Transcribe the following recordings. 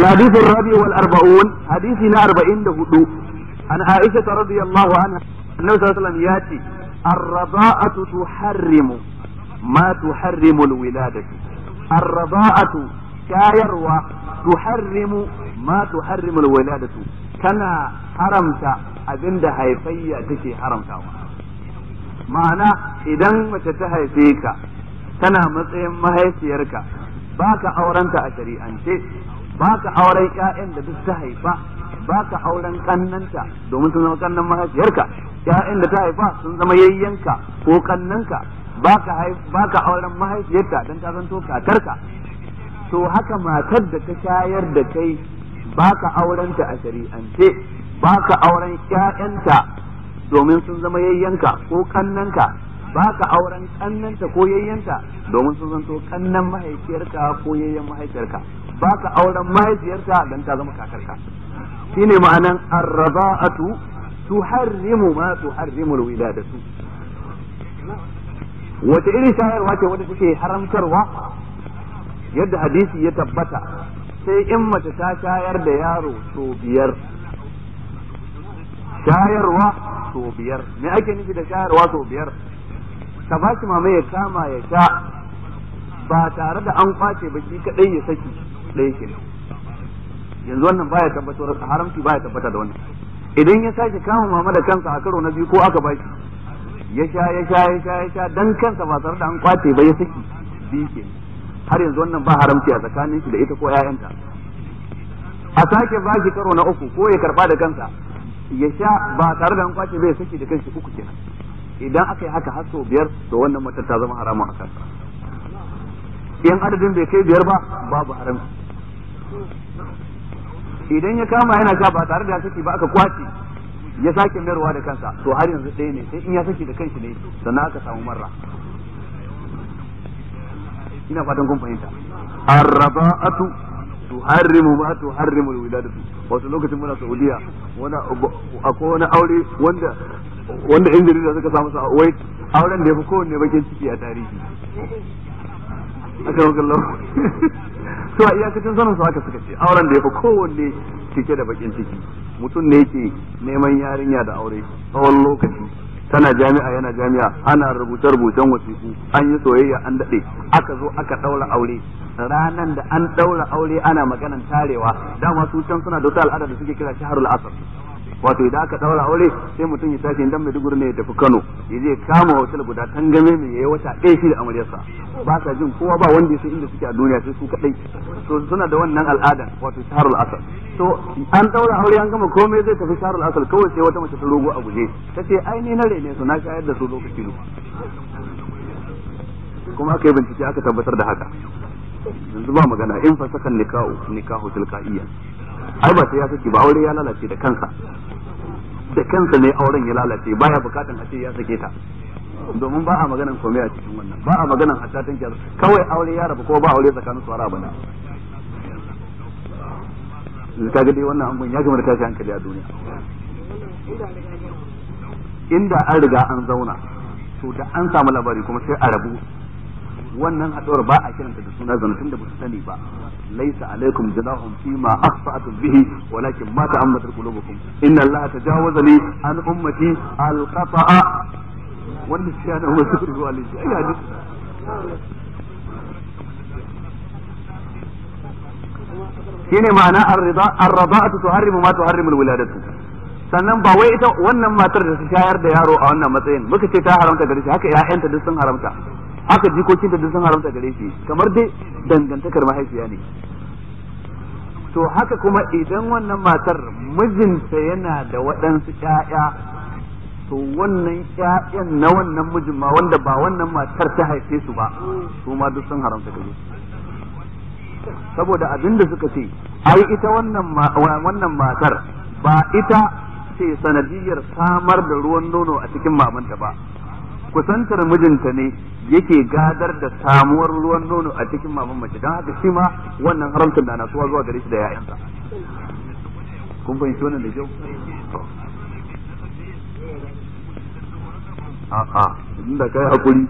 الحديث الرابع والأربعون حديثنا أربعين دهدو عن عائشة رضي الله عنها النبي صلى الله عليه وسلم ياتي الرضاءة تحرم ما تحرم الولادة الرضاءة شايروا تحرم ما تحرم الولادة كان حرمت أبند هيفية تكي حرمت معنى إذا ما تتهي فيك كان مطيم ما mahaifiyarka باك أورنت a shari'ance baka auren ƴaƴan da duk ta haifa baka auren kannanta domin sun zama kannan mahaifiyarka ƴaƴan da ta haifa sun zama yayyanka ko kannanka baka baka auren mahaifiyarta dan ta zanto kakarka to haka matar da ta shayar da kai baka ta a shari'ance baka auren ƴaƴanta domin sun zama yayyanka ko kannanka ba ka auren kannanta ko yayyanta domin sun zanto kannan mahaifiyarka ko yayyan mahaifiyarka ba ka auren mahaifiyarka don ta zama kakarka shine ma'anan arraba'atu mu ma su da su wata irin shayarwa ce wadda suke haramtarwa yadda hadisi ya tabbata sai in mace ta shayar da yaro so biyar shayarwa so biyar me ake nufi da shayarwa so biyar ka ba shi mama ya kama ya sha ba tare da an kwace ba shi kadai ya saki ɗaya ke yanzu wannan baya tabbatar haramci baya tabbata da wannan idan ya sake kama mama da kansa a karo na biyu ko aka ba shi ya sha ya sha ya sha ya sha dan kansa ba tare da an kwace ba ya saki biyu ke har yanzu wannan ba haramci a tsakanin shi da ita ko ƴaƴanta a sake ba shi karo na uku ko ya karba da kansa ya sha ba tare da an kwace ba ya saki da kansa uku kenan idan aka yi haka har sau biyar to wannan matar ta zama haramun a kansa in adadin bai kai biyar ba babu haramun idan ya kama yana sha ba tare da ya saki ba aka kwace ya sake mayarwa da kansa to har yanzu ɗaya ne sai in ya saki da kanshi ne sannan aka samu marra ina fatan kun fahimta arraba'atu tuharrimu ma tuharrimu alwilada wato lokacin muna Saudiya wani akwai wani aure wanda wanda in jarida suka samu sa wai auren da yafi kowanne bakin ciki a tarihi akan kallon to a iyakacin sanin su haka suka ce auren da yafi kowanne cike da bakin ciki mutum ne yake neman yarinya da aure tsawon lokaci tana jami'a yana jami'a ana rubuce rubucen wasiƙu an yi soyayya an daɗe aka zo aka ɗaura aure ranan da an ɗaura aure ana maganan tarewa dama su can suna da wata al'ada da suke kira shaharul asar wato idan aka daura aure sai mutum ya tashi dan Maiduguri ne ya tafi Kano ya je kama hotel guda tangame mai yayi wata ɗaya shi da amaryarsa ba sa jin kowa ba wanda ya san inda suke a duniya sai su kadai to suna da wannan al'ada wato sharul asal to an daura aure an gama komai zai tafi sharul asal kawai sai wata mace ta rogo a guje tace ai ni na rene su na shayar da su lokaci kuma aka yi bincike aka tabbatar da haka yanzu ba magana in fasakan nikahu nikahu tilka'iyya ai ba sai ya saki ba aure ya lalace da kansa da kansa ne auren ya lalace baya bukatan a ce ya sake ta domin ba a maganan komai a cikin wannan ba a maganan hatta kyar kawai aure ya rabu ko ba aure tsakanin su ba ne. ka ga dai wannan angon ya gama da tashi hankali a duniya inda an riga an zauna to da an samu labari kuma sai a rabu wannan haɗuwar ba a kiranta da suna zana tunda ba su sani ba laisa alaikum jazahum fi ma bihi walakin ma ta'ammat qulubukum inna allaha tajawaza li an ummati al qata'a shi ne ai shine ma'ana ar-rida ar tuharrimu ma tuharrimu al-wiladatu sannan ba wai ita wannan matar da ta shayar da yaro a wannan matsayin muka ce ta haramta gare haka haka ƴaƴanta duk sun haramta haka jikokin da sun haramta gare shi kamar dai dangantakar mahaifiya ne to haka kuma idan wannan matar mijinta yana da waɗansu ƴaƴa to wannan ƴaƴan na wannan mijin ma wanda ba wannan matar ta haife su ba su ma duk sun haramta gare shi saboda abin da suka ce ai ita wannan matar ba ita ce sanadiyar samar da ruwan nono a cikin mamanta ba kusantar mijinta ne yake gadar da samuwar ruwan nono a cikin maman mace don haka shi ma wannan haramcin da nasuwa zuwa gare shi da yayansa kun fahimci wannan da kyau a'a inda kai hakuri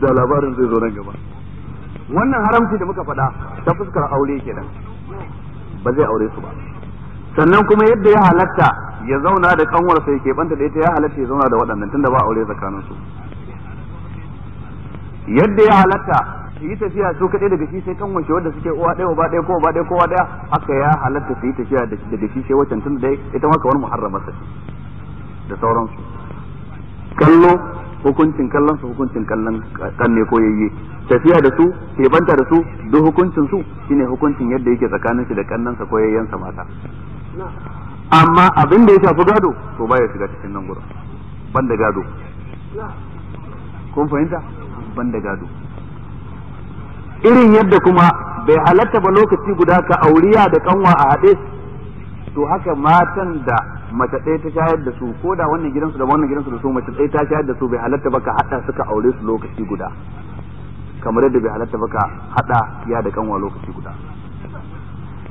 da labarin zai zo nan gaba wannan haramci da muka faɗa ta fuskar aure kenan ba zai aure su ba sannan kuma yadda ya halatta ya zauna da kanwarsa ya keɓanta da ita ya halatta ya zauna da waɗannan tunda ba aure tsakanin su yadda ya halatta su yi tafiya su kaɗai daga shi sai kanwar shi wadda suke uwa ɗaya ba ɗaya ko ba ɗaya ko ɗaya haka ya halatta su yi tafiya daga shi sai wacan tun da ita maka wani muharrama sa da sauransu kallo hukuncin kallon su hukuncin kallon kanne ko yayye tafiya da su keɓanta da su duk hukuncin su shine hukuncin yadda yake tsakanin shi da kannansa ko yayyansa mata amma abin da ya shafi gado to baya shiga cikin nan gurin da gado kun fahimta ban da gado irin yadda kuma bai halatta ba lokaci guda ka auriya da kanwa a haɗe to haka matan da mace ɗaya ta shayar da su ko da wannan gidansu da wannan gidansu da su mace ɗaya ta shayar da su bai halatta ba ka haɗa suka aure su lokaci guda kamar yadda bai halatta ba ka haɗa ya da kanwa lokaci guda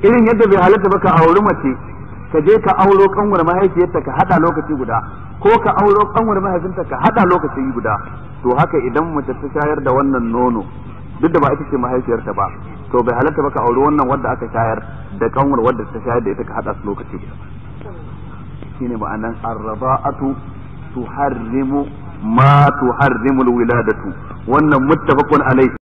irin yadda bai halatta ba ka auri mace ka je ka auro kanwar mahaifiyarta ka hada lokaci guda ko ka auro kanwar mahaifinta ka hada lokaci guda to haka idan mace ta shayar da wannan nono duk da ba ita ce mahaifiyarta ba to bai halatta ba ka auri wannan wanda aka shayar da kanwar wanda ta shayar da ita ka hada su lokaci guda shine ma'anan arraba'atu tuharrimu ma tuharrimul wiladatu wannan muttafaqun alayhi